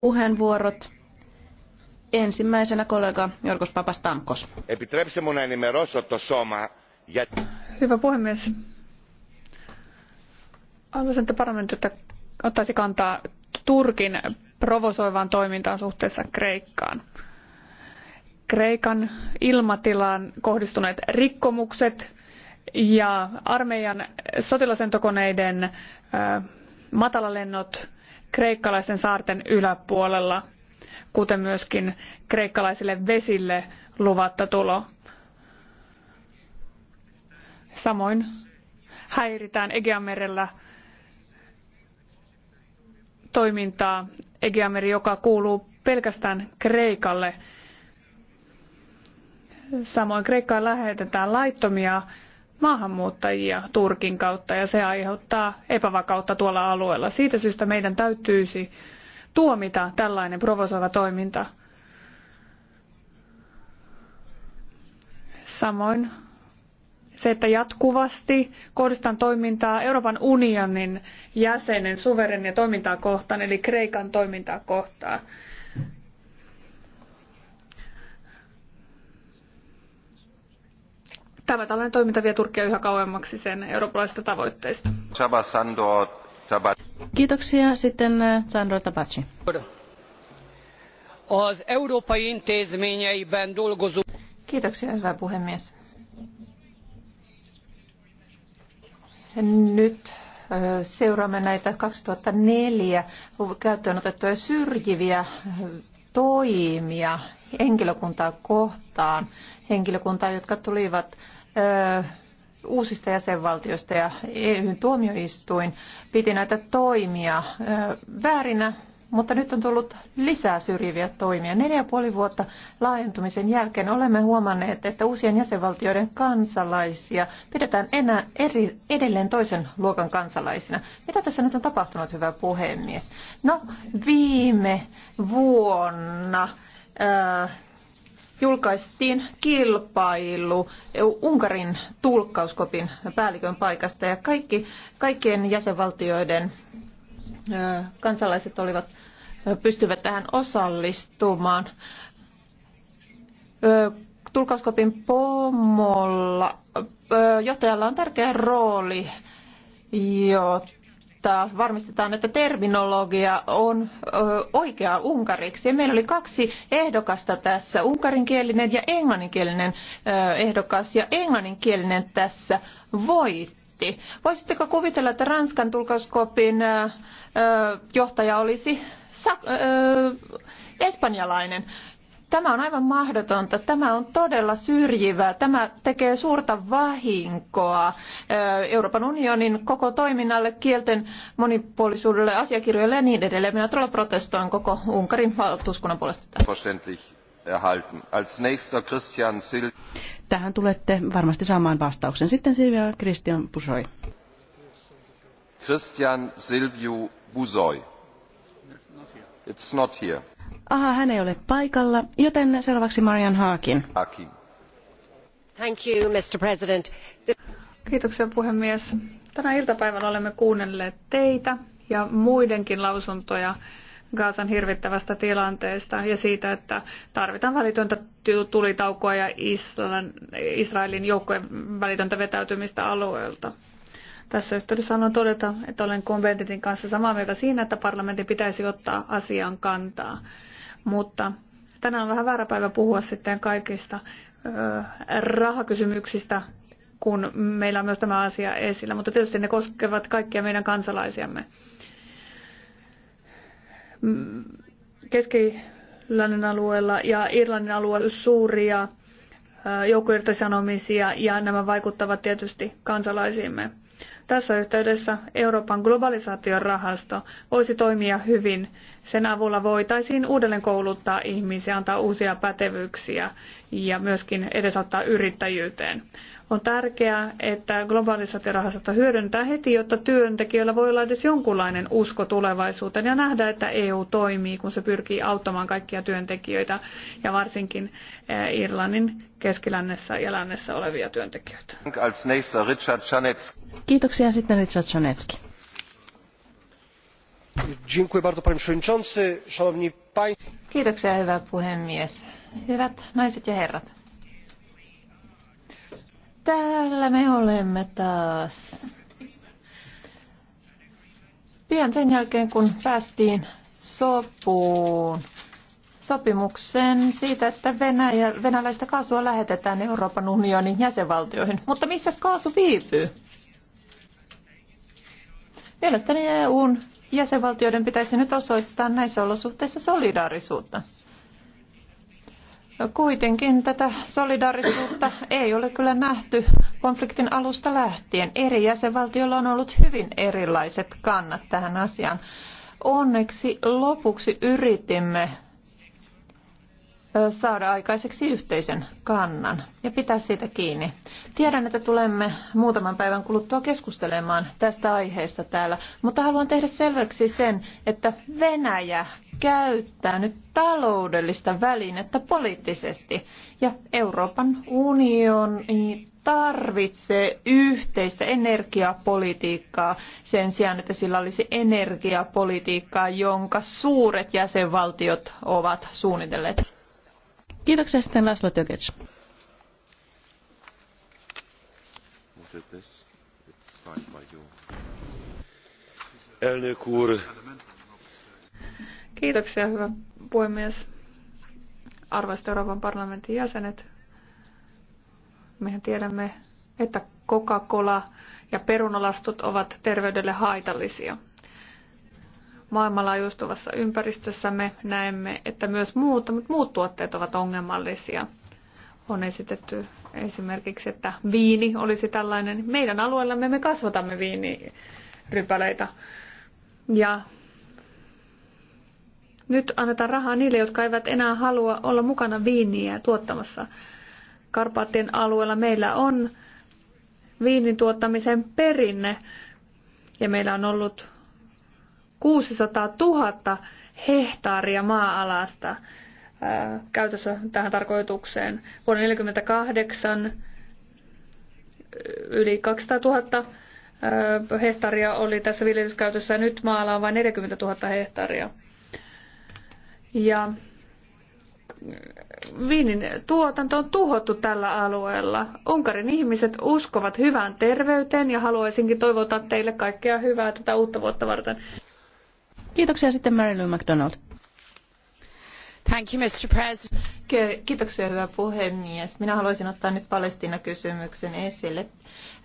puheenvuorot. Ensimmäisenä kollega Jorgos Papastamkos. Hyvä puhemies. Haluaisin, että parlamentti ottaisi kantaa Turkin provosoivaan toimintaan suhteessa Kreikkaan. Kreikan ilmatilaan kohdistuneet rikkomukset ja armeijan sotilasentokoneiden matalalennot kreikkalaisten saarten yläpuolella, kuten myöskin kreikkalaisille vesille luvatta tulo. Samoin häiritään Egeanmerellä toimintaa, Egeanmeri, joka kuuluu pelkästään Kreikalle. Samoin Kreikkaan lähetetään laittomia maahanmuuttajia Turkin kautta ja se aiheuttaa epävakautta tuolla alueella. Siitä syystä meidän täytyisi tuomita tällainen provosoiva toiminta. Samoin se, että jatkuvasti kohdistetaan toimintaa Euroopan unionin jäsenen suverenia toimintaa kohtaan, eli Kreikan toimintaa kohtaan. Tämä tällainen toiminta vie Turkkia yhä kauemmaksi sen eurooppalaisista tavoitteista. Kiitoksia. Sitten eh, Sandro Tabaci. Kiitoksia, hyvä puhemies. Nyt eh, seuraamme näitä 2004 käyttöön otettuja syrjiviä eh, toimia henkilökuntaa kohtaan, henkilökuntaa, jotka tulivat uusista jäsenvaltioista ja EUn tuomioistuin piti näitä toimia väärinä, mutta nyt on tullut lisää syrjiviä toimia. Neljä ja puoli vuotta laajentumisen jälkeen olemme huomanneet, että uusien jäsenvaltioiden kansalaisia pidetään enää eri, edelleen toisen luokan kansalaisina. Mitä tässä nyt on tapahtunut, hyvä puhemies? No, viime vuonna... Ää, julkaistiin kilpailu Unkarin tulkkauskopin päällikön paikasta ja kaikki, kaikkien jäsenvaltioiden kansalaiset olivat, pystyvät tähän osallistumaan. Tulkkauskopin pomolla johtajalla on tärkeä rooli, jotta jotta varmistetaan, että terminologia on oikea unkariksi. Ja meillä oli kaksi ehdokasta tässä, unkarinkielinen ja englanninkielinen ehdokas, ja englanninkielinen tässä voitti. Voisitteko kuvitella, että Ranskan tulkauskopin johtaja olisi espanjalainen? Tämä on aivan mahdotonta. Tämä on todella syrjivää. Tämä tekee suurta vahinkoa eh, Euroopan unionin koko toiminnalle, kielten monipuolisuudelle, asiakirjoille ja niin edelleen. Minä todella protestoin koko Unkarin valtuuskunnan puolesta. Tähän tulette varmasti saamaan vastauksen. Sitten Silvia Christian Pusoi. Christian Silviu Busoi. It's not here. Aha, hän ei ole paikalla, joten seuraavaksi Marian Haakin. Thank you, Mr. President. Kiitoksia puhemies. Tänä iltapäivänä olemme kuunnelleet teitä ja muidenkin lausuntoja Gazan hirvittävästä tilanteesta ja siitä, että tarvitaan välitöntä tulitaukoa ja Israelin joukkojen välitöntä vetäytymistä alueelta. Tässä yhteydessä haluan todeta, että olen konventitin kanssa samaa mieltä siinä, että parlamentin pitäisi ottaa asiaan kantaa. Mutta tänään on vähän väärä päivä puhua sitten kaikista ö, rahakysymyksistä, kun meillä on myös tämä asia esillä. Mutta tietysti ne koskevat kaikkia meidän kansalaisiamme. Mm, Keski-Irlannin alueella ja Irlannin alueella suuria joukkoirtisanomisia ja nämä vaikuttavat tietysti kansalaisiimme. Tässä yhteydessä Euroopan globalisaation rahasto voisi toimia hyvin. Sen avulla voitaisiin uudelleen kouluttaa ihmisiä, antaa uusia pätevyyksiä ja myöskin edesauttaa yrittäjyyteen. On tärkeää, että globalisaatiorahastosta hyödyntää heti, jotta työntekijöillä voi olla edes jonkunlainen usko tulevaisuuteen ja nähdä, että EU toimii, kun se pyrkii auttamaan kaikkia työntekijöitä ja varsinkin eh, Irlannin keskilännessä ja lännessä olevia työntekijöitä. Kiitoksia sitten Richard Chanetski. Kiitoksia hyvä puhemies. Hyvät naiset ja herrat. Täällä me olemme taas. Pian sen jälkeen kun päästiin sopuun sopimuksen siitä, että Venäjä, venäläistä kaasua lähetetään Euroopan unionin jäsenvaltioihin. Mutta missä kaasu viipyy? Mielestäni EUn jäsenvaltioiden pitäisi nyt osoittaa näissä olosuhteissa solidaarisuutta. Kuitenkin tätä solidaarisuutta ei ole kyllä nähty konfliktin alusta lähtien. Eri jäsenvaltioilla on ollut hyvin erilaiset kannat tähän asiaan. Onneksi lopuksi yritimme saada aikaiseksi yhteisen kannan ja pitää siitä kiinni. Tiedän, että tulemme muutaman päivän kuluttua keskustelemaan tästä aiheesta täällä, mutta haluan tehdä selväksi sen, että Venäjä käyttää nyt taloudellista välinettä poliittisesti ja Euroopan unioni tarvitsee yhteistä energiapolitiikkaa sen sijaan, että sillä olisi energiapolitiikkaa, jonka suuret jäsenvaltiot ovat suunnitelleet. Kiitoksia sitten Laszlo Tökec. Kiitoksia, hyvä puhemies. Arvoisat Euroopan parlamentin jäsenet, mehän tiedämme, että Coca-Cola ja perunalastot ovat terveydelle haitallisia – maailmanlaajuistuvassa ympäristössämme näemme, että myös muut, mutta muut tuotteet ovat ongelmallisia. On esitetty esimerkiksi, että viini olisi tällainen. Meidän alueellamme me kasvatamme viinirypäleitä. Ja nyt annetaan rahaa niille, jotka eivät enää halua olla mukana viiniä tuottamassa. Karpaattien alueella meillä on viinin tuottamisen perinne ja meillä on ollut 600 000 hehtaaria maa-alasta käytössä tähän tarkoitukseen. Vuonna 1948 yli 200 000 hehtaaria oli tässä viljelyskäytössä ja nyt maa-ala on vain 40 000 hehtaaria. Ja viinin tuotanto on tuhottu tällä alueella. Unkarin ihmiset uskovat hyvään terveyteen ja haluaisinkin toivottaa teille kaikkea hyvää tätä uutta vuotta varten. Kiitoksia sitten Marilyn McDonald. Thank you, Mr. President. Kiitoksia, hyvä puhemies. Minä haluaisin ottaa nyt Palestina-kysymyksen esille.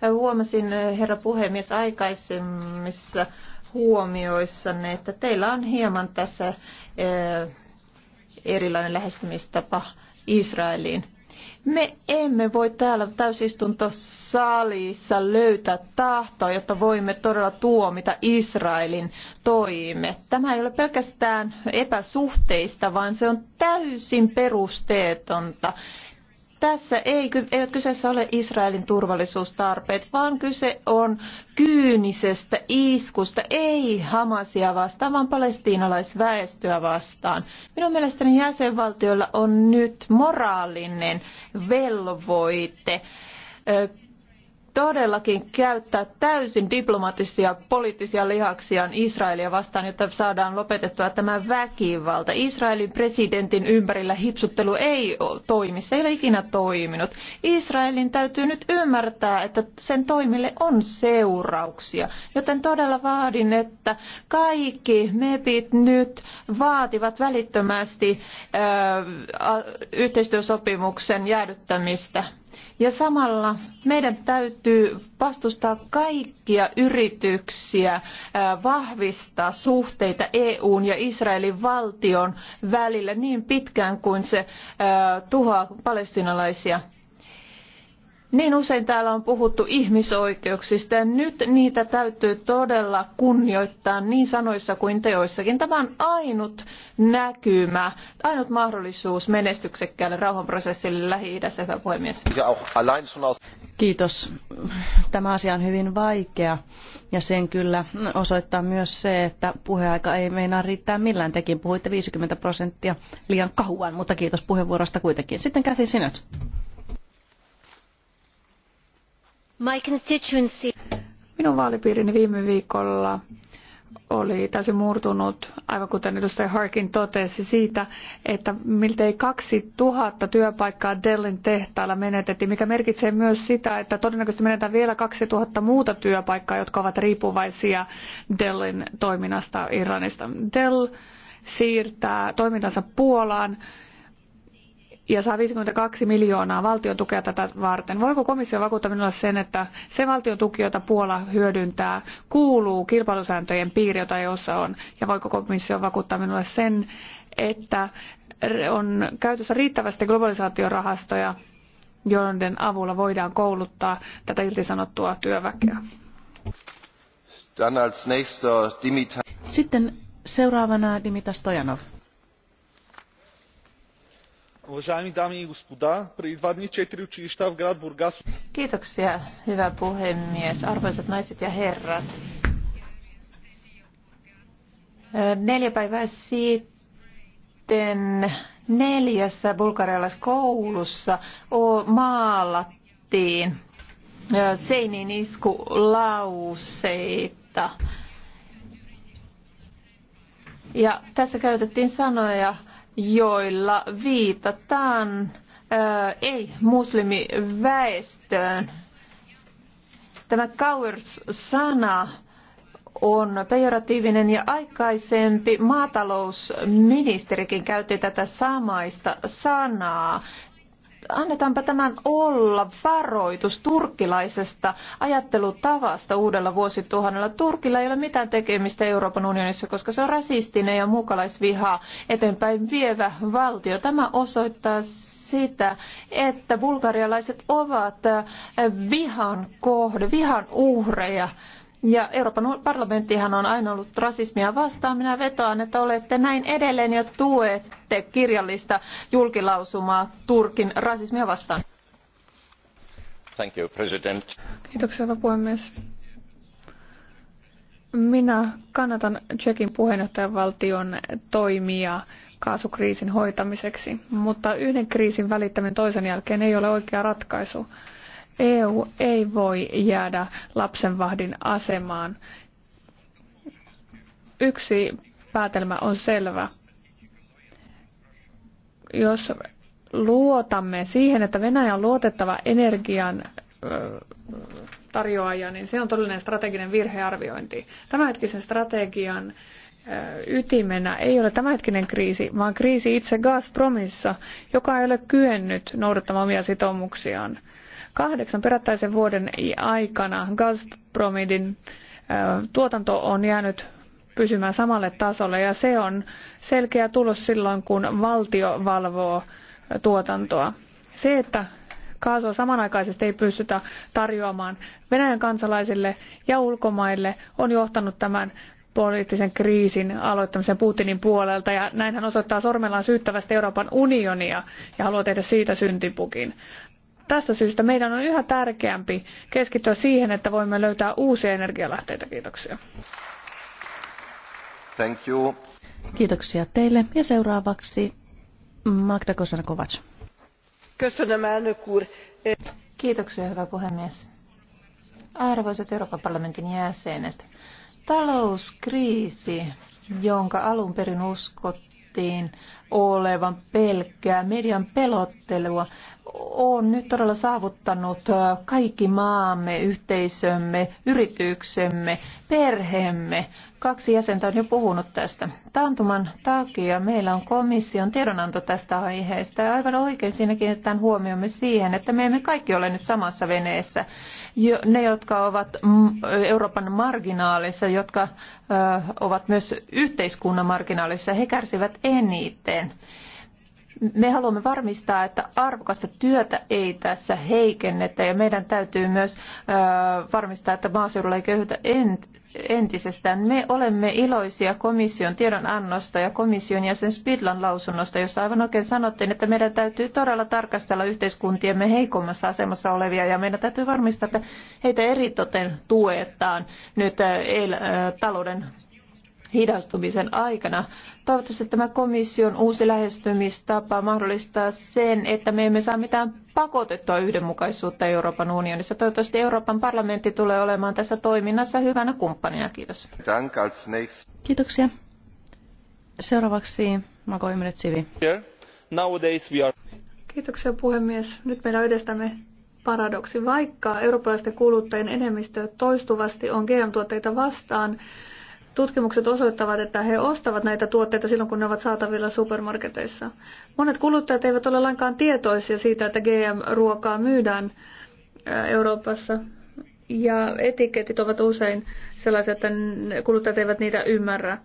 Äh, huomasin, äh, herra puhemies, aikaisemmissa huomioissanne, että teillä on hieman tässä äh, erilainen lähestymistapa Israeliin. Me emme voi täällä täysistuntosalissa löytää tahtoa, jotta voimme todella tuomita Israelin toimet. Tämä ei ole pelkästään epäsuhteista, vaan se on täysin perusteetonta. Tässä ei, ole kyseessä ole Israelin turvallisuustarpeet, vaan kyse on kyynisestä iskusta, ei Hamasia vastaan, vaan palestiinalaisväestöä vastaan. Minun mielestäni jäsenvaltioilla on nyt moraalinen velvoite todellakin käyttää täysin diplomaattisia poliittisia lihaksiaan Israelia vastaan, jotta saadaan lopetettua tämä väkivalta. Israelin presidentin ympärillä hipsuttelu ei toimi, se ei ole ikinä toiminut. Israelin täytyy nyt ymmärtää, että sen toimille on seurauksia, joten todella vaadin, että kaikki mepit nyt vaativat välittömästi äh, yhteistyösopimuksen jäädyttämistä ja samalla meidän täytyy vastustaa kaikkia yrityksiä vahvistaa suhteita EUn ja Israelin valtion välillä niin pitkään kuin se tuhoaa palestinalaisia niin usein täällä on puhuttu ihmisoikeuksista ja nyt niitä täytyy todella kunnioittaa niin sanoissa kuin teoissakin. Tämä on ainut näkymä, ainut mahdollisuus menestyksekkäälle rauhanprosessille Lähi-idässä, hyvä puhemies. Kiitos. Tämä asia on hyvin vaikea ja sen kyllä osoittaa myös se, että puheaika ei meinaa riittää millään. Tekin puhuitte 50 prosenttia liian kauan, mutta kiitos puheenvuorosta kuitenkin. Sitten Kathy Sinat. Minun vaalipiirini viime viikolla oli täysin murtunut, aivan kuten edustaja Harkin totesi, siitä, että miltei 2000 työpaikkaa Dellin tehtaalla menetettiin, mikä merkitsee myös sitä, että todennäköisesti menetään vielä 2000 muuta työpaikkaa, jotka ovat riippuvaisia Dellin toiminnasta Iranista. Dell siirtää toimintansa Puolaan ja saa 52 miljoonaa valtion tukea tätä varten. Voiko komissio vakuuttaa minulle sen, että se valtion tuki, jota Puola hyödyntää, kuuluu kilpailusääntöjen piiri, jota osa e on? Ja voiko komissio vakuuttaa minulle sen, että on käytössä riittävästi globalisaatiorahastoja, joiden avulla voidaan kouluttaa tätä irtisanottua työväkeä? Sitten seuraavana dimitas Stojanov уважаеми дами и господа, преди два дни четири училища в град Бургас. Kiitoksia, hyvä puhemies, arvoisat naiset ja herrat. Neljä päivää sitten neljässä bulgarialaiskoulussa maalattiin seiniin iskulauseita. Ja tässä käytettiin sanoja joilla viitataan ei-muslimiväestöön. Tämä Kauers-sana on pejoratiivinen ja aikaisempi maatalousministerikin käytti tätä samaista sanaa annetaanpa tämän olla varoitus turkkilaisesta ajattelutavasta uudella vuosituhannella. Turkilla ei ole mitään tekemistä Euroopan unionissa, koska se on rasistinen ja muukalaisvihaa eteenpäin vievä valtio. Tämä osoittaa sitä, että bulgarialaiset ovat vihan kohde, vihan uhreja. Ja Euroopan parlamenttihan on aina ollut rasismia vastaan. Minä vetoan, että olette näin edelleen ja tuette kirjallista julkilausumaa Turkin rasismia vastaan. Thank you, President. Kiitoksia, hyvä puhemies. Minä kannatan Tsekin puheenjohtajavaltion toimia kaasukriisin hoitamiseksi, mutta yhden kriisin välittäminen toisen jälkeen ei ole oikea ratkaisu. EU ei voi jäädä lapsenvahdin asemaan. Yksi päätelmä on selvä. Jos luotamme siihen, että Venäjä on luotettava energian tarjoaja, niin se on todellinen strateginen virhearviointi. Tämänhetkisen strategian ytimenä ei ole tämänhetkinen kriisi, vaan kriisi itse Gazpromissa, joka ei ole kyennyt noudattamaan omia sitoumuksiaan. Kahdeksan perättäisen vuoden aikana Gazpromidin tuotanto on jäänyt pysymään samalle tasolle ja se on selkeä tulos silloin, kun valtio valvoo tuotantoa. Se, että kaasua samanaikaisesti ei pystytä tarjoamaan Venäjän kansalaisille ja ulkomaille, on johtanut tämän poliittisen kriisin aloittamisen Putinin puolelta. Ja näin hän osoittaa sormellaan syyttävästi Euroopan unionia ja haluaa tehdä siitä syntipukin. Tästä syystä meidän on yhä tärkeämpi keskittyä siihen, että voimme löytää uusia energialähteitä. Kiitoksia. Thank you. Kiitoksia teille. Ja seuraavaksi Magda Kosankovac. Kiitoksia, hyvä puhemies. Arvoisat Euroopan parlamentin jäsenet, talouskriisi, jonka alun perin uskottiin olevan pelkkää median pelottelua, on nyt todella saavuttanut kaikki maamme, yhteisömme, yrityksemme, perheemme. Kaksi jäsentä on jo puhunut tästä. Taantuman takia meillä on komission tiedonanto tästä aiheesta. Ja aivan oikein siinä kiinnitetään huomiomme siihen, että me emme kaikki ole nyt samassa veneessä. Ne, jotka ovat Euroopan marginaalissa, jotka ovat myös yhteiskunnan marginaalissa, he kärsivät eniten. Me haluamme varmistaa, että arvokasta työtä ei tässä heikennetä ja meidän täytyy myös varmistaa, että maaseudulla ei köyhytä entisestään. Me olemme iloisia komission tiedonannosta ja komission jäsen Spidlan lausunnosta, jossa aivan oikein sanottiin, että meidän täytyy todella tarkastella yhteiskuntiemme heikommassa asemassa olevia ja meidän täytyy varmistaa, että heitä eritoten tuetaan nyt talouden hidastumisen aikana. Toivottavasti tämä komission uusi lähestymistapa mahdollistaa sen, että me emme saa mitään pakotettua yhdenmukaisuutta Euroopan unionissa. Toivottavasti Euroopan parlamentti tulee olemaan tässä toiminnassa hyvänä kumppanina. Kiitos. Kiitoksia. Seuraavaksi Mako Imret Kiitoksia puhemies. Nyt meillä on edestämme paradoksi. Vaikka eurooppalaisten kuluttajien enemmistö toistuvasti on GM-tuotteita vastaan, Tutkimukset osoittavat, että he ostavat näitä tuotteita silloin, kun ne ovat saatavilla supermarketeissa. Monet kuluttajat eivät ole lainkaan tietoisia siitä, että GM-ruokaa myydään Euroopassa. Ja etiketit ovat usein sellaisia, että kuluttajat eivät niitä ymmärrä.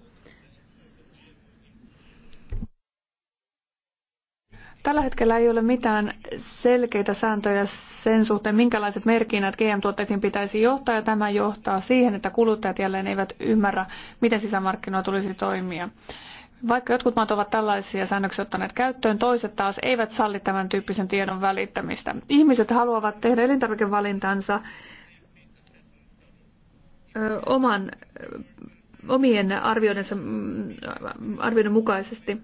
Tällä hetkellä ei ole mitään selkeitä sääntöjä sen suhteen, minkälaiset merkinnät GM-tuotteisiin pitäisi johtaa, ja tämä johtaa siihen, että kuluttajat jälleen eivät ymmärrä, miten sisämarkkinoilla tulisi toimia. Vaikka jotkut maat ovat tällaisia säännöksiä ottaneet käyttöön, toiset taas eivät salli tämän tyyppisen tiedon välittämistä. Ihmiset haluavat tehdä elintarvikevalintansa oman, omien arvioidensa, mm, arvioiden mukaisesti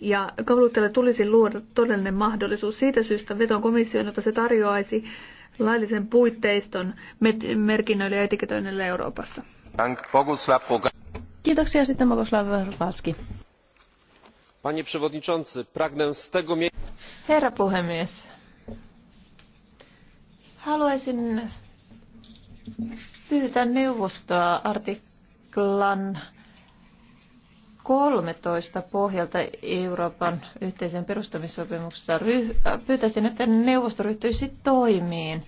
ja kouluttajalle tulisi luoda todellinen mahdollisuus. Siitä syystä veton komission, että se tarjoaisi laillisen puitteiston merkinnöille ja etiketoinnille Euroopassa. Kiitoksia sitten Bogoslav Vaski. Panie przewodniczący, pragnę z tego Herra puhemies, haluaisin pyytää neuvostoa artiklan 13 pohjalta Euroopan yhteisen perustamissopimuksessa ryh- äh, pyytäisin, että neuvosto ryhtyisi toimiin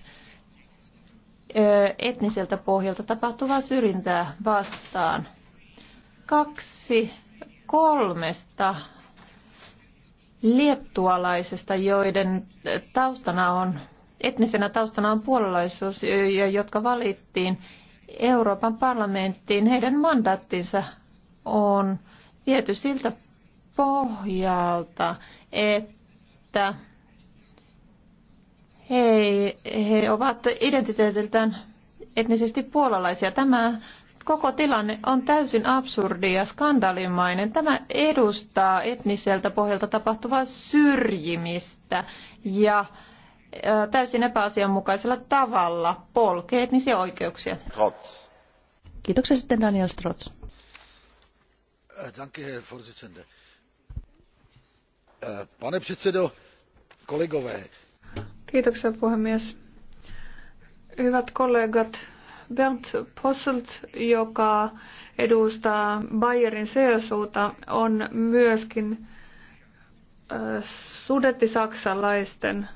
etniseltä pohjalta tapahtuvaa syrjintää vastaan. Kaksi kolmesta liettualaisesta, joiden taustana on, etnisenä taustana on puolalaisuus, ja jotka valittiin Euroopan parlamenttiin, heidän mandaattinsa on viety siltä pohjalta, että he, he ovat identiteetiltään etnisesti puolalaisia. Tämä koko tilanne on täysin absurdi ja skandalimainen. Tämä edustaa etniseltä pohjalta tapahtuvaa syrjimistä ja täysin epäasianmukaisella tavalla polkee etnisiä oikeuksia. Trotz. Kiitoksia sitten Daniel Strotz Eh, herr präsident! Eh, pane předsedo puhemies. hyvät kollegat bernd posselt joka edustaa bayerin csu on myöskin eh, sudettisaksalaisten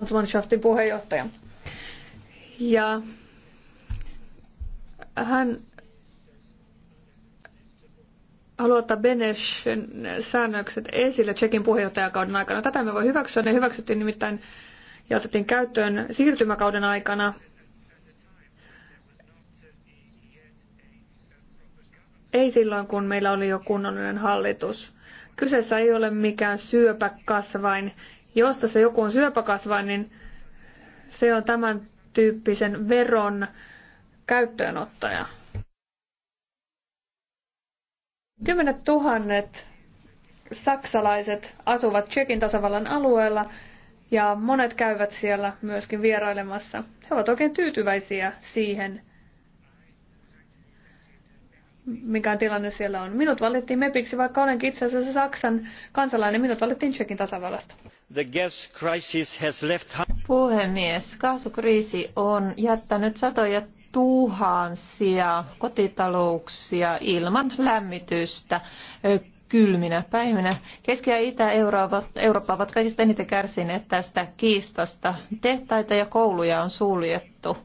landsmannschaftin puheenjohtaja ja hän haluaa ottaa Beneshin säännökset esille Tsekin puheenjohtajakauden aikana. Tätä me voi hyväksyä. Ne hyväksyttiin nimittäin ja otettiin käyttöön siirtymäkauden aikana. Ei silloin, kun meillä oli jo kunnollinen hallitus. Kyseessä ei ole mikään syöpäkasvain. Jos tässä joku on syöpäkasvain, niin se on tämän tyyppisen veron käyttöönottaja. Kymmenet tuhannet saksalaiset asuvat Tsekin tasavallan alueella ja monet käyvät siellä myöskin vierailemassa. He ovat oikein tyytyväisiä siihen, mikä tilanne siellä on. Minut valittiin mepiksi, vaikka olen itse asiassa Saksan kansalainen. Minut valittiin Tsekin tasavallasta. The gas crisis has left... Puhemies, kaasukriisi on jättänyt satoja tuhansia kotitalouksia ilman lämmitystä kylminä päivinä. Keski- ja Itä-Eurooppa ovat kaikista eniten kärsineet tästä kiistasta. Tehtaita ja kouluja on suljettu.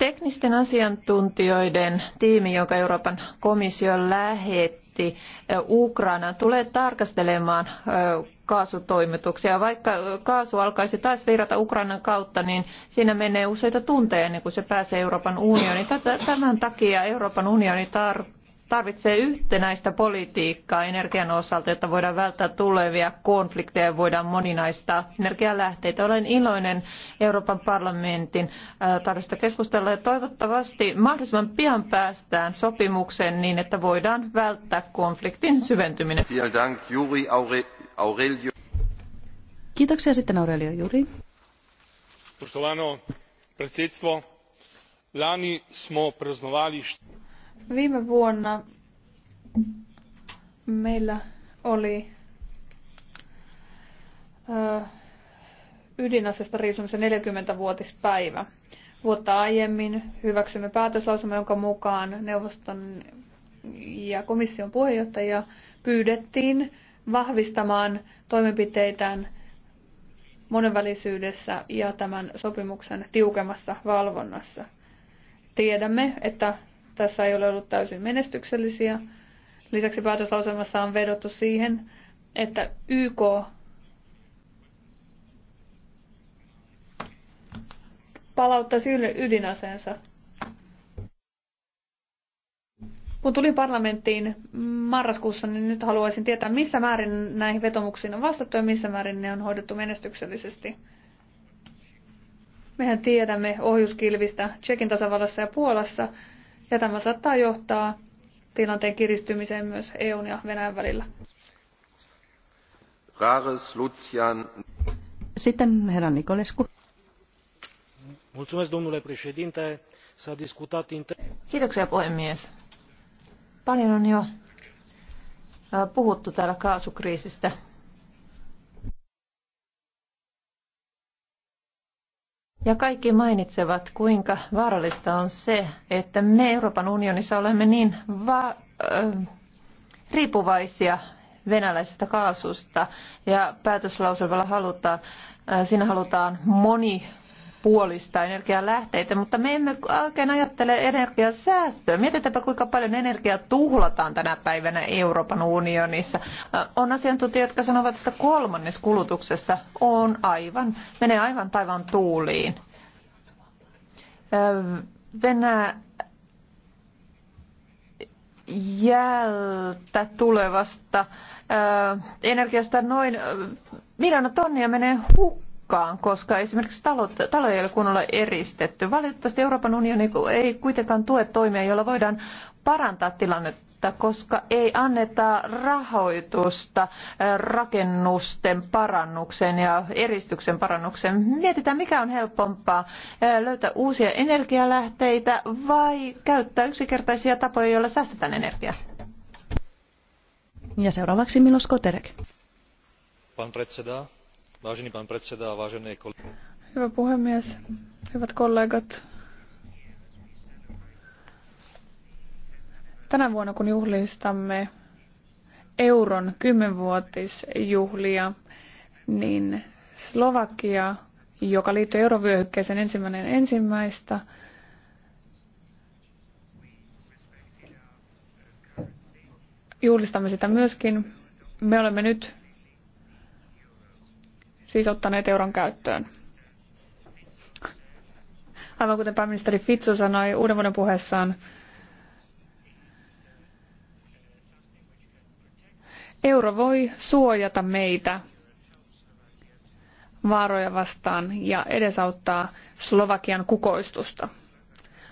Teknisten asiantuntijoiden tiimi, joka Euroopan komissio lähetti Ukrainaan, tulee tarkastelemaan kaasutoimituksia. Vaikka kaasu alkaisi taas virrata Ukrainan kautta, niin siinä menee useita tunteja ennen kuin se pääsee Euroopan unioniin. Tämän takia Euroopan unioni tarvitsee tarvitsee yhtenäistä politiikkaa energian osalta, jotta voidaan välttää tulevia konflikteja ja voidaan moninaistaa energialähteitä. Olen iloinen Euroopan parlamentin tarjosta keskustella ja toivottavasti mahdollisimman pian päästään sopimukseen niin, että voidaan välttää konfliktin syventyminen. Kiitoksia sitten Aurelio Juri. lani smo praznovali Viime vuonna meillä oli ydinasesta riisumisen 40-vuotispäivä. Vuotta aiemmin hyväksymme päätöslausumme, jonka mukaan neuvoston ja komission puheenjohtaja pyydettiin vahvistamaan toimenpiteitään monenvälisyydessä ja tämän sopimuksen tiukemmassa valvonnassa. Tiedämme, että tässä ei ole ollut täysin menestyksellisiä. Lisäksi päätöslauselmassa on vedottu siihen, että YK palauttaisi ydinaseensa. Kun tulin parlamenttiin marraskuussa, niin nyt haluaisin tietää, missä määrin näihin vetomuksiin on vastattu ja missä määrin ne on hoidettu menestyksellisesti. Mehän tiedämme ohjuskilvistä Tsekin tasavallassa ja Puolassa, ja tämä saattaa johtaa tilanteen kiristymiseen myös EUn ja Venäjän välillä. Sitten herra Nikolescu. Mulțumesc, domnule președinte. S-a discutat inter... Kiitoksia, puhemies. Paljon on jo puhuttu täällä kaasukriisistä Ja kaikki mainitsevat, kuinka vaarallista on se, että me Euroopan unionissa olemme niin va- äh, riippuvaisia venäläisestä kaasusta ja päätöslauselmalla halutaan, äh, siinä halutaan moni puolista energialähteitä, mutta me emme oikein ajattele energiasäästöä. Mietitäänpä, kuinka paljon energiaa tuhlataan tänä päivänä Euroopan unionissa. On asiantuntijoita, jotka sanovat, että kolmannes kulutuksesta on aivan, menee aivan taivaan tuuliin. Venäjä jältä tulevasta energiasta noin miljoona tonnia menee hukkaan hukkaan, koska esimerkiksi talot, taloja ei ole kunnolla eristetty. Valitettavasti Euroopan unioni ei kuitenkaan tue toimia, joilla voidaan parantaa tilannetta, koska ei anneta rahoitusta rakennusten parannukseen ja eristyksen parannukseen. Mietitään, mikä on helpompaa, löytää uusia energialähteitä vai käyttää yksinkertaisia tapoja, joilla säästetään energiaa. Ja seuraavaksi Milos Koterek. Pan predseda, Hyvä puhemies, hyvät kollegat. Tänä vuonna kun juhlistamme euron kymmenvuotisjuhlia, niin Slovakia, joka liittyy eurovyöhykkeeseen ensimmäinen ensimmäistä, juhlistamme sitä myöskin. Me olemme nyt siis ottaneet euron käyttöön. Aivan kuten pääministeri Fitso sanoi uuden vuoden puheessaan, euro voi suojata meitä vaaroja vastaan ja edesauttaa Slovakian kukoistusta.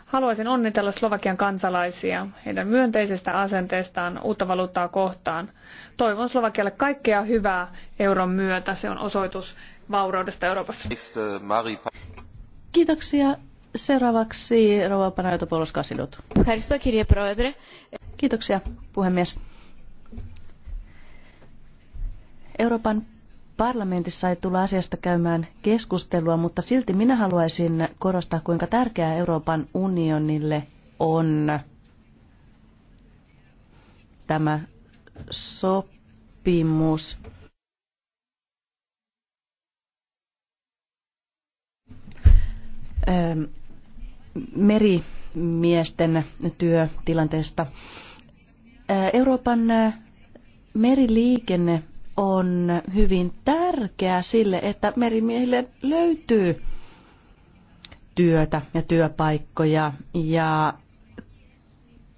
Haluaisin onnitella Slovakian kansalaisia heidän myönteisestä asenteestaan uutta valuuttaa kohtaan. Toivon Slovakialle kaikkea hyvää euron myötä. Se on osoitus vauraudesta Euroopassa. Kiitoksia. Seuraavaksi rouva Panajotopolos Kasilut. Kiitoksia puhemies. Euroopan parlamentissa ei tule asiasta käymään keskustelua, mutta silti minä haluaisin korostaa, kuinka tärkeää Euroopan unionille on tämä sopimus. merimiesten työtilanteesta. Euroopan meriliikenne on hyvin tärkeää sille, että merimiehille löytyy työtä ja työpaikkoja ja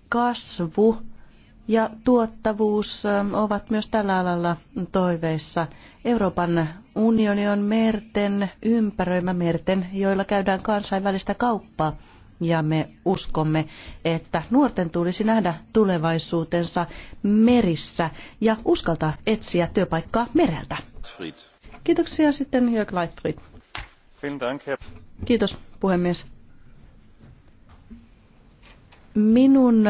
kasvu ja tuottavuus ähm, ovat myös tällä alalla toiveissa. Euroopan unioni on merten ympäröimä merten, joilla käydään kansainvälistä kauppaa ja me uskomme, että nuorten tulisi nähdä tulevaisuutensa merissä ja uskaltaa etsiä työpaikkaa mereltä. Kiitoksia sitten Jörg Leitfried. Kiitos puhemies. Minun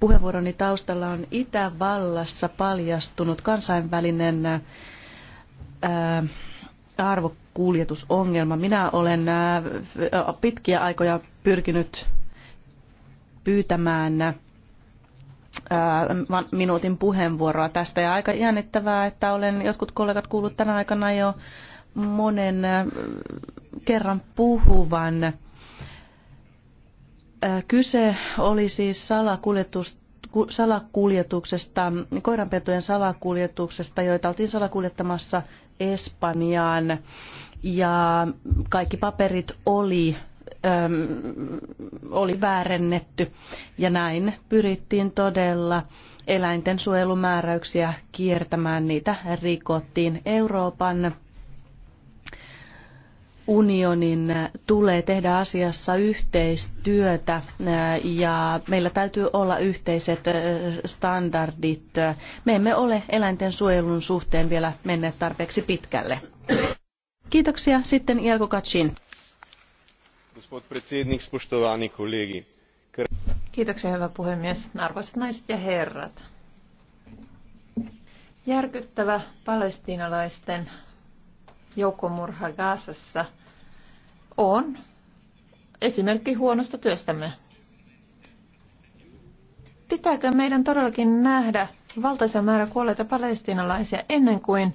puheenvuoroni taustalla on Itävallassa paljastunut kansainvälinen ää, arvo, kuljetusongelma. Minä olen äh, äh, pitkiä aikoja pyrkinyt pyytämään äh, minuutin puheenvuoroa tästä ja aika jännittävää, että olen jotkut kollegat kuullut tänä aikana jo monen kerran puhuvan. Kyse oli siis salakuljetusta salakuljetuksesta, koiranpetojen salakuljetuksesta, joita oltiin salakuljettamassa Espanjaan ja kaikki paperit oli, äm, oli väärennetty ja näin pyrittiin todella eläinten suojelumääräyksiä kiertämään, niitä rikottiin. Euroopan unionin tulee tehdä asiassa yhteistyötä äh, ja meillä täytyy olla yhteiset äh, standardit. Me emme ole eläinten suojelun suhteen vielä menneet tarpeeksi pitkälle. Kiitoksia. Sitten Jelko Katsin. Kiitoksia, hyvä puhemies. Arvoisat naiset ja herrat. Järkyttävä palestiinalaisten joukkomurha Gaasassa on esimerkki huonosta työstämme. Pitääkö meidän todellakin nähdä valtaisa määrä kuolleita palestiinalaisia ennen kuin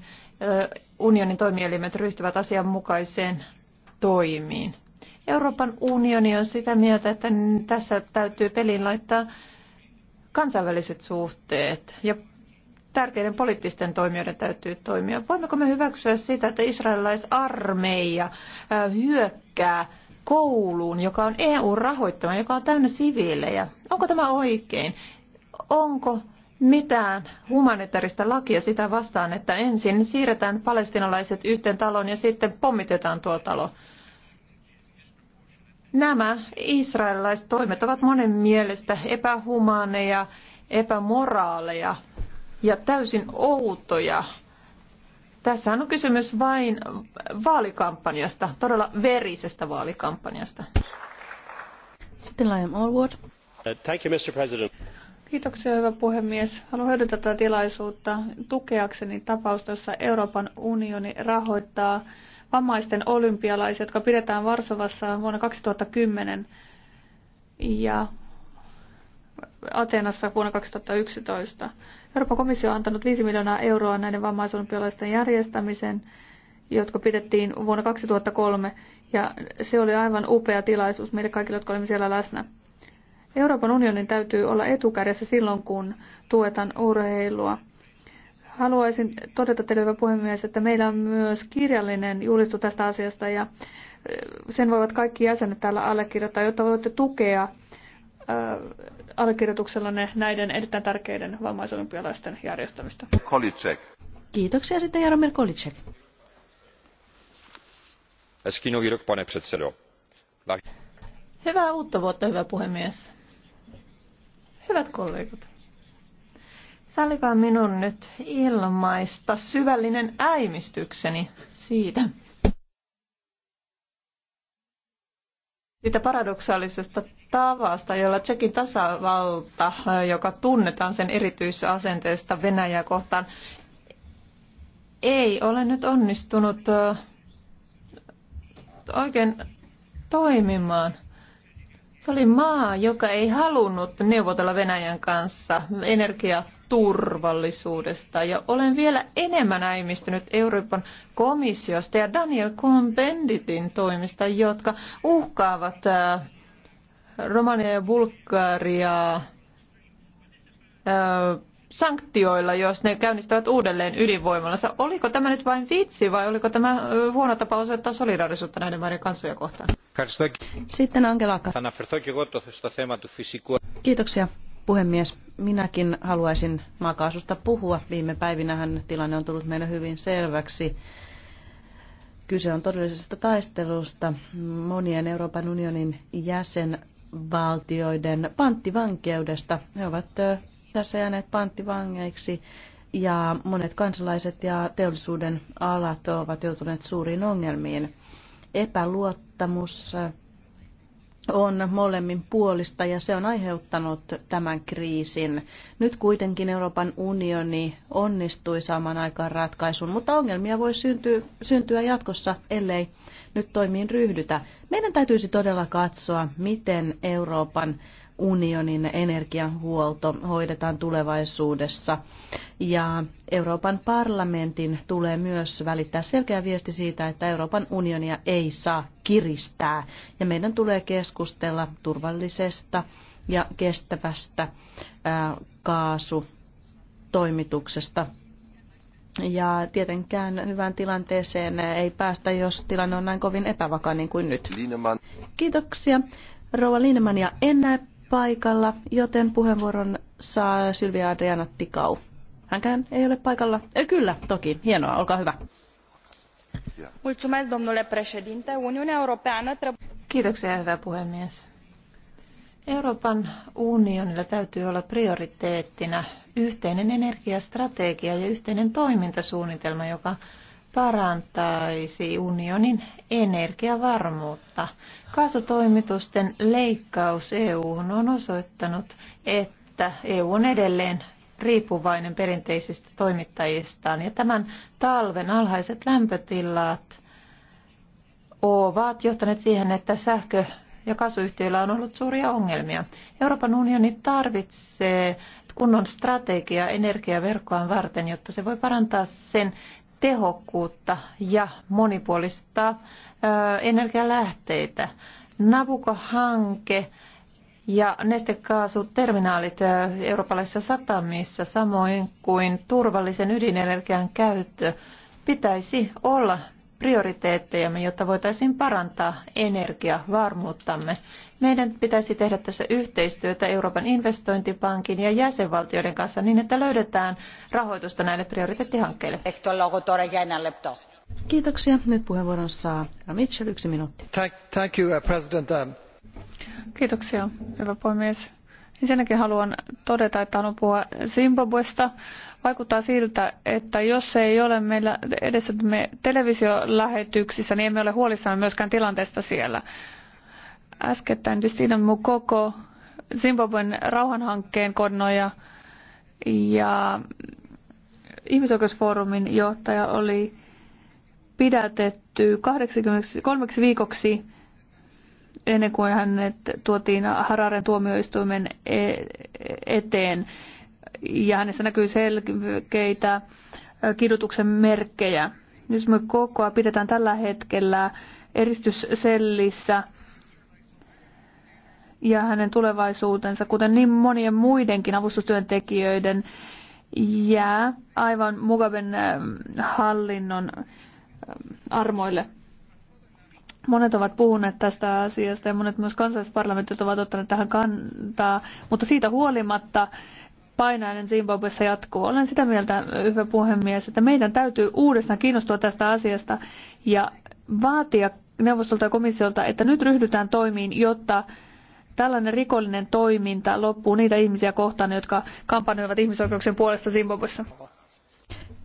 unionin toimielimet ryhtyvät asianmukaiseen toimiin. Euroopan unioni on sitä mieltä, että tässä täytyy peliin laittaa kansainväliset suhteet ja tärkeiden poliittisten toimijoiden täytyy toimia. Voimmeko me hyväksyä sitä, että israelilaisarmeija hyökkää kouluun, joka on EU-rahoittama, joka on täynnä siviilejä? Onko tämä oikein? Onko mitään humanitaarista lakia sitä vastaan, että ensin siirretään palestinalaiset yhteen taloon ja sitten pommitetaan tuo talo. Nämä israelilaiset toimet ovat monen mielestä epähumaaneja, epämoraaleja ja täysin outoja. Tässä on kysymys vain vaalikampanjasta, todella verisestä vaalikampanjasta. Sitten Liam Allward. Uh, thank you, Mr. President. Kiitoksia, hyvä puhemies. Haluan hyödyntää tätä tilaisuutta tukeakseni tapausta, jossa Euroopan unioni rahoittaa vammaisten olympialaiset, jotka pidetään Varsovassa vuonna 2010 ja Atenassa vuonna 2011. Euroopan komissio on antanut 5 miljoonaa euroa näiden vammaisolympialaisten järjestämiseen, jotka pidettiin vuonna 2003, ja se oli aivan upea tilaisuus meille kaikille, jotka olimme siellä läsnä. Euroopan unionin täytyy olla etukädessä silloin, kun tuetaan urheilua. Haluaisin todeta teille, hyvä puhemies, että meillä on myös kirjallinen julistus tästä asiasta ja eh, sen voivat kaikki jäsenet täällä allekirjoittaa, jotta voitte tukea eh, allekirjoituksellanne näiden erittäin tärkeiden vammaisolympialaisten järjestämistä. Kolicek. Kiitoksia sitten Jaromir Kolicek. Hyvää uutta vuotta, hyvä puhemies. Hyvät kollegat, sallikaa minun nyt ilmaista syvällinen äimistykseni siitä, siitä paradoksaalisesta tavasta, jolla Tsekin tasavalta, joka tunnetaan sen erityisasenteesta Venäjää kohtaan, ei ole nyt onnistunut oikein toimimaan – se oli maa, joka ei halunnut neuvotella Venäjän kanssa energiaturvallisuudesta. Ja olen vielä enemmän äimistynyt Euroopan komissiosta ja Daniel Cohn-Benditin toimista, jotka uhkaavat äh, Romania ja Bulgariaa äh, sanktioilla, jos ne käynnistävät uudelleen ydinvoimalansa. Oliko tämä nyt vain vitsi vai oliko tämä huono tapa osoittaa solidaarisuutta näiden maiden kansoja kohtaan? Sitten Angela Kiitoksia puhemies. Minäkin haluaisin maakaasusta puhua. Viime päivinähän tilanne on tullut meille hyvin selväksi. Kyse on todellisesta taistelusta monien Euroopan unionin jäsenvaltioiden panttivankeudesta. He ovat tässä jääneet panttivangeiksi ja monet kansalaiset ja teollisuuden alat ovat joutuneet suuriin ongelmiin. Epäluottamus on molemmin puolista ja se on aiheuttanut tämän kriisin. Nyt kuitenkin Euroopan unioni onnistui saamaan aikaan ratkaisun, mutta ongelmia voi syntyä, syntyä jatkossa, ellei nyt toimiin ryhdytä. Meidän täytyisi todella katsoa, miten Euroopan unionin energiahuolto hoidetaan tulevaisuudessa. Ja Euroopan parlamentin tulee myös välittää selkeä viesti siitä, että Euroopan unionia ei saa kiristää. Ja meidän tulee keskustella turvallisesta ja kestävästä kaasutoimituksesta ja tietenkään hyvään tilanteeseen ei päästä, jos tilanne on näin kovin epävakaa niin kuin nyt. Lineman. Kiitoksia. Rouva Linneman ja en näe paikalla, joten puheenvuoron saa Sylvia Adriana Tikau. Hänkään ei ole paikalla. Ei, kyllä, toki. Hienoa, olkaa hyvä. Mulțumesc, domnule președinte. Uniunea Europeană trebuie... Kiitoksia, hyvä puhemies. Euroopan unionilla täytyy olla prioriteettina yhteinen energiastrategia ja yhteinen toimintasuunnitelma, joka parantaisi unionin energiavarmuutta. Kaasutoimitusten leikkaus EU on osoittanut, että EU on edelleen riippuvainen perinteisistä toimittajistaan. Ja tämän talven alhaiset lämpötilat ovat johtaneet siihen, että sähkö ja kasuyhtiöillä on ollut suuria ongelmia. Euroopan unioni tarvitsee kunnon strategia energiaverkkoa varten, jotta se voi parantaa sen tehokkuutta ja monipuolistaa energialähteitä. Nabuko-hanke ja nestekaasuterminaalit eurooppalaisissa satamissa, samoin kuin turvallisen ydinenergian käyttö, pitäisi olla prioriteettejamme, jotta voitaisiin parantaa energiavarmuuttamme. Meidän pitäisi tehdä tässä yhteistyötä Euroopan investointipankin ja jäsenvaltioiden kanssa niin, että löydetään rahoitusta näille prioriteettihankkeille. Kiitoksia. Nyt puheenvuoron saa Mitchell, yksi minuutti. Thank, thank you, uh, President. Um, Kiitoksia, hyvä puhemies. Ensinnäkin haluan todeta, että haluan puhua Zimbabwesta. Vaikuttaa siltä, että jos ei ole meillä edessä me televisiolähetyksissä, niin emme ole huolissamme myöskään tilanteesta siellä. Äskettäin Justina Mukoko, Zimbabwen rauhanhankkeen konnoja ja ihmisoikeusfoorumin johtaja oli pidätetty 83 viikoksi ennen kuin hänet tuotiin Hararen tuomioistuimen e- eteen. Ja hänessä näkyy selkeitä kidutuksen merkkejä. Jos me kokoa pidetään tällä hetkellä eristyssellissä ja hänen tulevaisuutensa, kuten niin monien muidenkin avustustyöntekijöiden, jää aivan Mugaben hallinnon armoille. Monet ovat puhuneet tästä asiasta ja monet myös kansallisparlamentit ovat ottaneet tähän kantaa, mutta siitä huolimatta painainen Zimbabwessa jatkuu. Olen sitä mieltä, hyvä puhemies, että meidän täytyy uudestaan kiinnostua tästä asiasta ja vaatia neuvostolta ja komissiolta, että nyt ryhdytään toimiin, jotta tällainen rikollinen toiminta loppuu niitä ihmisiä kohtaan, jotka kampanjoivat ihmisoikeuksien puolesta Zimbabwessa.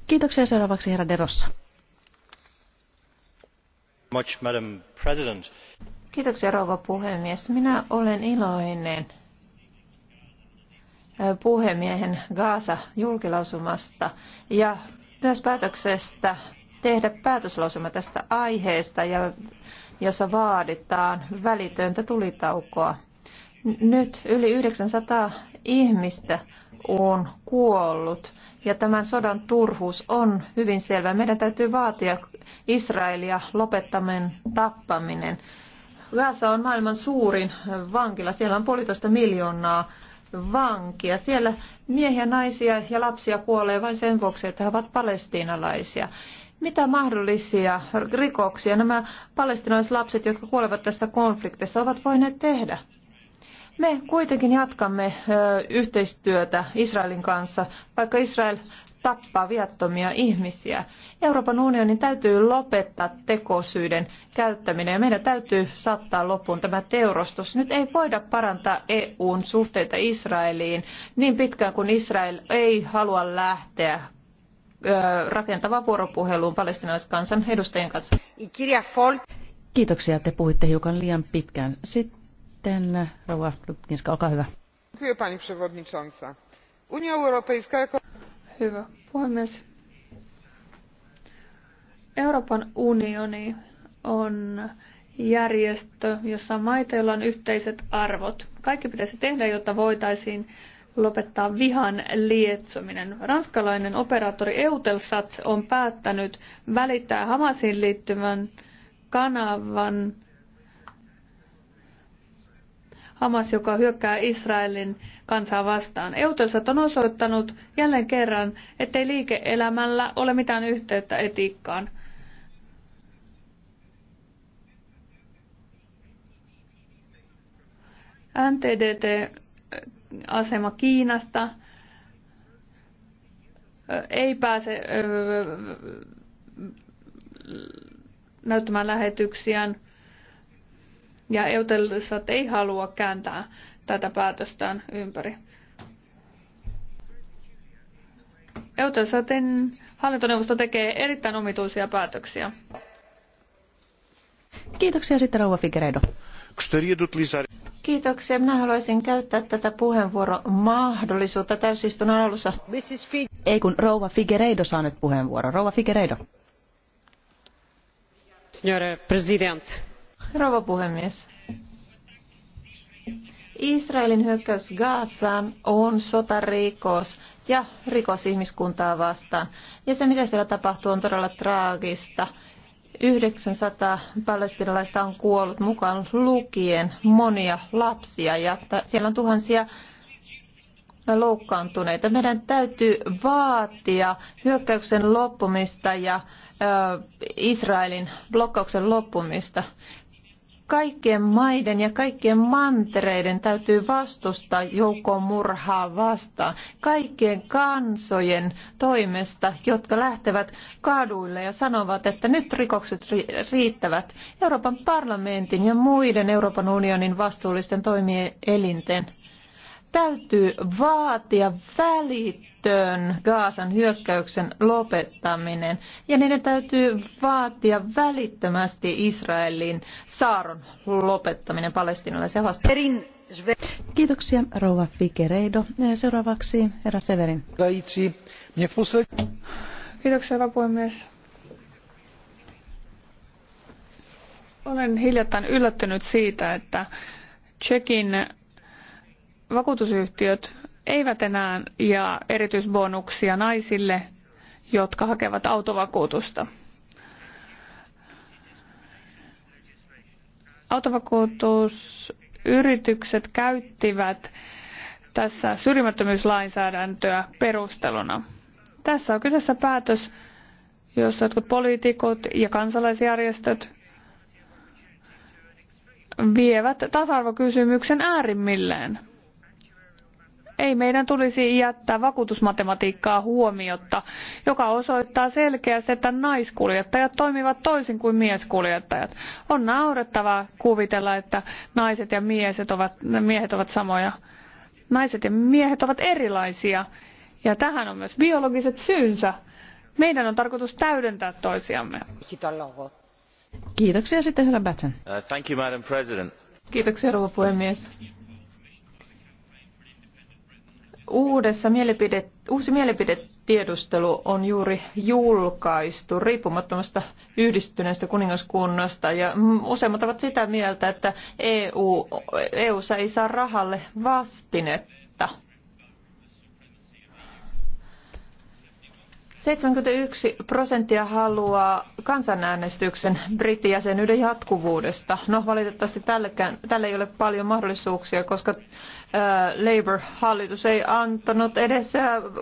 Kiitoksia seuraavaksi herra Derossa arvoisa Kiitoksia puhemies. Minä olen iloinen puhemiehen gaza julkilausumasta ja myös päätöksestä tehdä päätöslauselma tästä aiheesta, jossa vaaditaan välitöntä tulitaukoa. Nyt yli 900 ihmistä on kuollut ja tämän sodan turhuus on hyvin selvä. Meidän täytyy vaatia Israelia lopettamaan tappaminen. Gaza on maailman suurin vankila. Siellä on puolitoista miljoonaa vankia. Siellä miehiä, naisia ja lapsia kuolee vain sen vuoksi, että he ovat palestiinalaisia. Mitä mahdollisia rikoksia nämä palestinaislapset, jotka kuolevat tässä konfliktissa, ovat voineet tehdä? Me kuitenkin jatkamme yhteistyötä Israelin kanssa, vaikka Israel tappaa viattomia ihmisiä. Euroopan unionin täytyy lopettaa tekosyiden käyttäminen ja meidän täytyy saattaa loppuun tämä teurostus. Nyt ei voida parantaa EUn suhteita Israeliin niin pitkään kuin Israel ei halua lähteä rakentavaan vuoropuheluun palestinaiskansan edustajien kanssa. Kirja Kiitoksia, te puhuitte hiukan liian pitkään. Sitten hyvä. pani przewodnicząca. Unia Europejska... Hyvä puhemies. Euroopan unioni on järjestö, jossa on maita, joilla on yhteiset arvot. Kaikki pitäisi tehdä, jotta voitaisiin lopettaa vihan lietsominen. Ranskalainen operaattori Eutelsat on päättänyt välittää Hamasiin liittyvän kanavan Hamas, joka hyökkää Israelin kansaa vastaan. Eutelsat on osoittanut jälleen kerran, ettei liike-elämällä ole mitään yhteyttä etiikkaan. NTDT-asema äh, Kiinasta äh, ei pääse äh, näyttämään lähetyksiään. Ja Eutelsat ei halua kääntää tätä päätöstään ympäri. Eutelsatin hallintoneuvosto tekee erittäin omituisia päätöksiä. Kiitoksia sitten Rauva Figueredo. Kiitoksia. Minä haluaisin käyttää tätä mahdollisuutta täysistunnon alussa. Ei kun Rouva Figueiredo saa nyt puheenvuoron. Rouva Figueiredo. Signore Presidente. Rouva puhemies. Israelin hyökkäys Gazaan on sotarikos ja rikos ihmiskuntaa vastaan. Ja se, mitä siellä tapahtuu, on todella traagista. 900 palestinalaista on kuollut mukaan lukien monia lapsia ja siellä on tuhansia loukkaantuneita. Meidän täytyy vaatia hyökkäyksen loppumista ja Israelin blokkauksen loppumista kaikkien maiden ja kaikkien mantereiden täytyy vastustaa joukon murhaa vastaan. Kaikkien kansojen toimesta, jotka lähtevät kaduille ja sanovat, että nyt rikokset riittävät. Euroopan parlamentin ja muiden Euroopan unionin vastuullisten toimielinten täytyy vaatia välittää käyttöön Gaasan hyökkäyksen lopettaminen ja niiden täytyy vaatia välittömästi Israelin saaron lopettaminen palestinalaisia vastaan. Kiitoksia rouva Figueiredo. Seuraavaksi herra Severin. Kiitoksia hyvä puhemies. Olen hiljattain yllättynyt siitä, että Tsekin vakuutusyhtiöt eivät enää ja erityisbonuksia naisille, jotka hakevat autovakuutusta. Autovakuutusyritykset käyttivät tässä syrjimättömyyslainsäädäntöä perusteluna. Tässä on kyseessä päätös, jossa jotkut poliitikot ja kansalaisjärjestöt vievät tasa-arvokysymyksen äärimmilleen ei meidän tulisi jättää vakuutusmatematiikkaa huomiotta, joka osoittaa selkeästi, että naiskuljettajat toimivat toisin kuin mieskuljettajat. On naurettavaa kuvitella, että naiset ja miehet ovat, miehet ovat samoja. Naiset ja miehet ovat erilaisia, ja tähän on myös biologiset syynsä. Meidän on tarkoitus täydentää toisiamme. Kiitoksia sitten herra Batten. Uh, thank you, Madam President. Kiitoksia rouva puhemies. Uudessa mielipide, uusi mielipidetiedustelu on juuri julkaistu riippumattomasta yhdistyneestä kuningaskunnasta ja useimmat ovat sitä mieltä, että EU, EUssa ei saa rahalle vastinetta. 71 prosenttia haluaa kansanäänestyksen brittijäsenyyden jatkuvuudesta. No valitettavasti tälle ei ole paljon mahdollisuuksia, koska Labour-hallitus ei antanut edes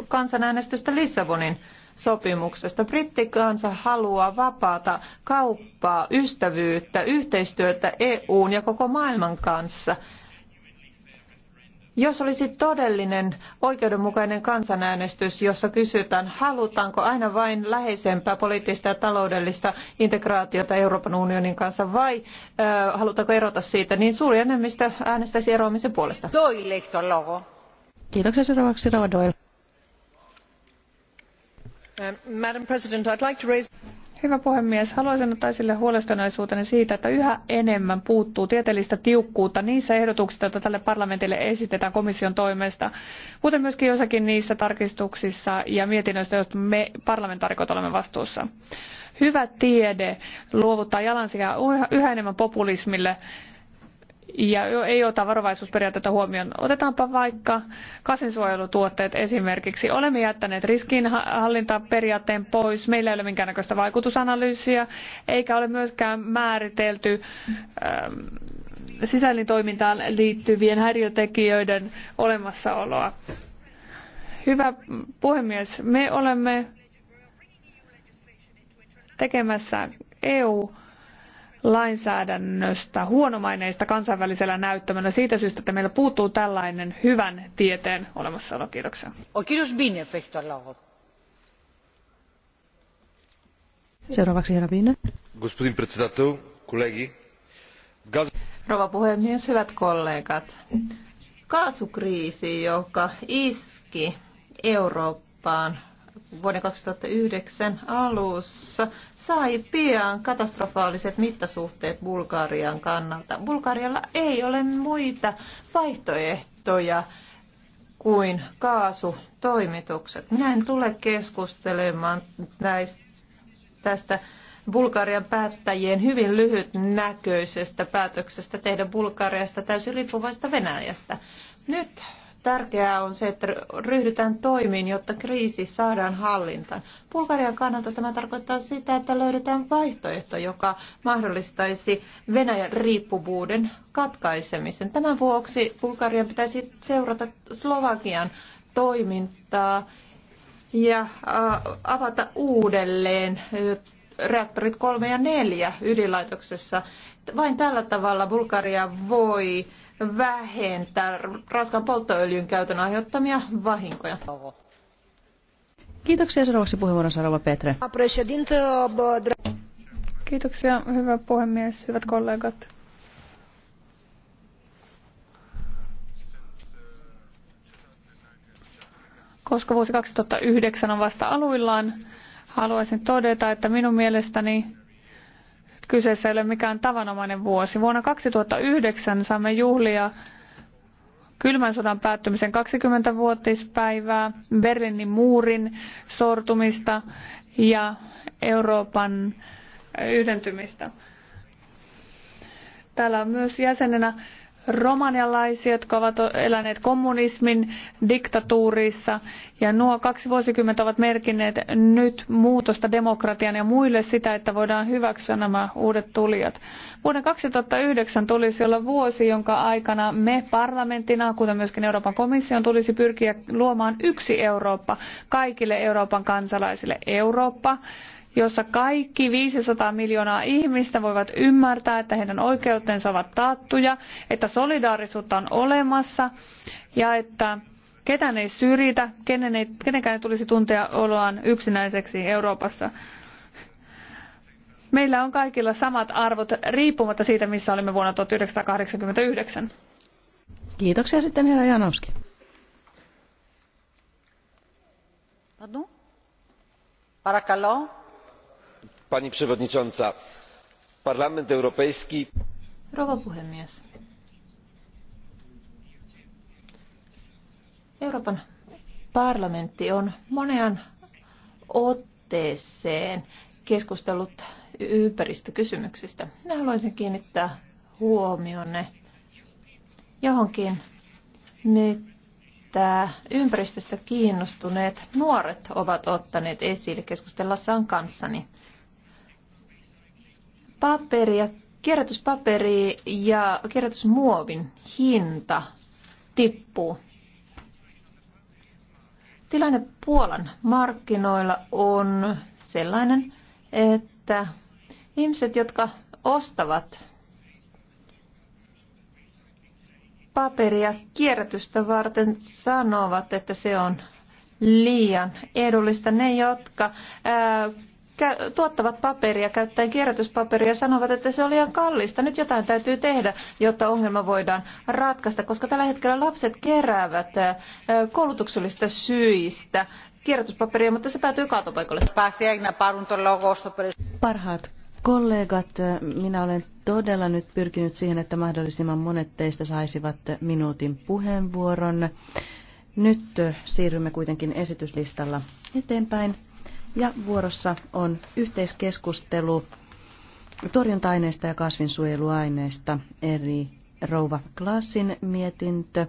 kansanäänestystä Lissabonin sopimuksesta. Brittikansa haluaa vapaata kauppaa, ystävyyttä, yhteistyötä EUn ja koko maailman kanssa. Jos olisi todellinen oikeudenmukainen kansanäänestys, jossa kysytään, halutaanko aina vain läheisempää poliittista ja taloudellista integraatiota Euroopan unionin kanssa vai ö, halutaanko erota siitä, niin suuri enemmistö äänestäisi eroamisen puolesta. Kiitoksia seuraavaksi Rova Doyle. Uh, Madam President, I'd like to raise... Hyvä puhemies, haluaisin ottaa esille huolestuneisuuteni siitä, että yhä enemmän puuttuu tieteellistä tiukkuutta niissä ehdotuksissa, joita tälle parlamentille esitetään komission toimesta, kuten myöskin jossakin niissä tarkistuksissa ja mietinnöistä, joista me parlamentaarikot olemme vastuussa. Hyvä tiede luovuttaa jalansijaa yhä enemmän populismille ja ei ota varovaisuusperiaatetta huomioon. Otetaanpa vaikka kasvinsuojelutuotteet esimerkiksi. Olemme jättäneet riskinhallintaperiaatteen pois. Meillä ei ole minkäännäköistä vaikutusanalyysiä, eikä ole myöskään määritelty ähm, liittyvien häiriötekijöiden olemassaoloa. Hyvä puhemies, me olemme tekemässä EU- lainsäädännöstä huonomaineista kansainvälisellä näyttämällä siitä syystä, että meillä puuttuu tällainen hyvän tieteen olemassaolo. Kiitoksia. Seuraavaksi herra Binev. Господин puhemies, hyvät kollegat. Kaasukriisi, joka iski Eurooppaan vuoden 2009 alussa sai pian katastrofaaliset mittasuhteet Bulgarian kannalta. Bulgarialla ei ole muita vaihtoehtoja kuin kaasutoimitukset. Minä en tule keskustelemaan näistä, tästä Bulgarian päättäjien hyvin lyhytnäköisestä päätöksestä tehdä Bulgariasta täysin riippuvaista Venäjästä. Nyt tärkeää on se, että ryhdytään toimiin, jotta kriisi saadaan hallintaan. Bulgarian kannalta tämä tarkoittaa sitä, että löydetään vaihtoehto, joka mahdollistaisi Venäjän riippuvuuden katkaisemisen. Tämän vuoksi Bulgarian pitäisi seurata Slovakian toimintaa ja avata uudelleen reaktorit 3 ja 4 ydinlaitoksessa. Vain tällä tavalla Bulgaria voi vähentää raskan polttoöljyn käytön aiheuttamia vahinkoja. Kiitoksia. Seuraavaksi puheenvuoron Sarova Petre. Kiitoksia, hyvä puhemies, hyvät kollegat. Koska vuosi 2009 on vasta aluillaan, haluaisin todeta, että minun mielestäni Kyseessä ei ole mikään tavanomainen vuosi. Vuonna 2009 saamme juhlia kylmän sodan päättymisen 20-vuotispäivää, Berliinin muurin sortumista ja Euroopan yhdentymistä. Täällä on myös jäsenenä romanialaisia, jotka ovat eläneet kommunismin diktatuurissa. Ja nuo kaksi vuosikymmentä ovat merkinneet nyt muutosta demokratian ja muille sitä, että voidaan hyväksyä nämä uudet tulijat. Vuoden 2009 tulisi olla vuosi, jonka aikana me parlamenttina, kuten myöskin Euroopan komission, tulisi pyrkiä luomaan yksi Eurooppa kaikille Euroopan kansalaisille. Eurooppa, jossa kaikki 500 miljoonaa ihmistä voivat ymmärtää, että heidän oikeutensa ovat taattuja, että solidaarisuutta on olemassa ja että ketään ei syrjitä, kenen ei, kenenkään ei tulisi tuntea oloaan yksinäiseksi Euroopassa. Meillä on kaikilla samat arvot riippumatta siitä, missä olimme vuonna 1989. Kiitoksia sitten herra Janowski. Pardon? Παρακαλώ pani przewodnicząca! parlament europejski euroopan parlamentti on moneen otteeseen keskustellut ympäristökysymyksistä. Minä haluaisin kiinnittää huomionne johonkin, mitä ympäristöstä kiinnostuneet nuoret ovat ottaneet esille keskustellassaan kanssani paperia, kierrätyspaperi ja kierrätysmuovin hinta tippuu. Tilanne Puolan markkinoilla on sellainen, että ihmiset, jotka ostavat paperia kierrätystä varten, sanovat, että se on liian edullista. Ne, jotka ää, tuottavat paperia käyttäen kierrätyspaperia sanovat, että se on liian kallista. Nyt jotain täytyy tehdä, jotta ongelma voidaan ratkaista, koska tällä hetkellä lapset keräävät koulutuksellisista syistä kierrätyspaperia, mutta se päätyy kaatopaikalle. Parhaat kollegat, minä olen todella nyt pyrkinyt siihen, että mahdollisimman monet teistä saisivat minuutin puheenvuoron. Nyt siirrymme kuitenkin esityslistalla eteenpäin. Ja vuorossa on yhteiskeskustelu torjunta-aineista ja kasvinsuojeluaineista eri Rouva Klassin mietintö,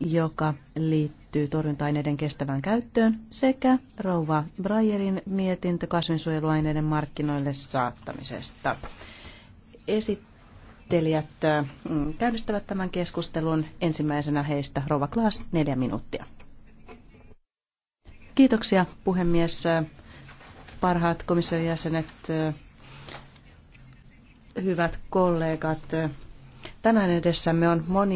joka liittyy torjunta-aineiden kestävään käyttöön, sekä Rouva Brajerin mietintö kasvinsuojeluaineiden markkinoille saattamisesta. Esittelijät äh, käynnistävät tämän keskustelun. Ensimmäisenä heistä Rouva Klaas, neljä minuuttia. Kiitoksia puhemies parhaat komission jäsenet, hyvät kollegat. Tänään edessämme on moni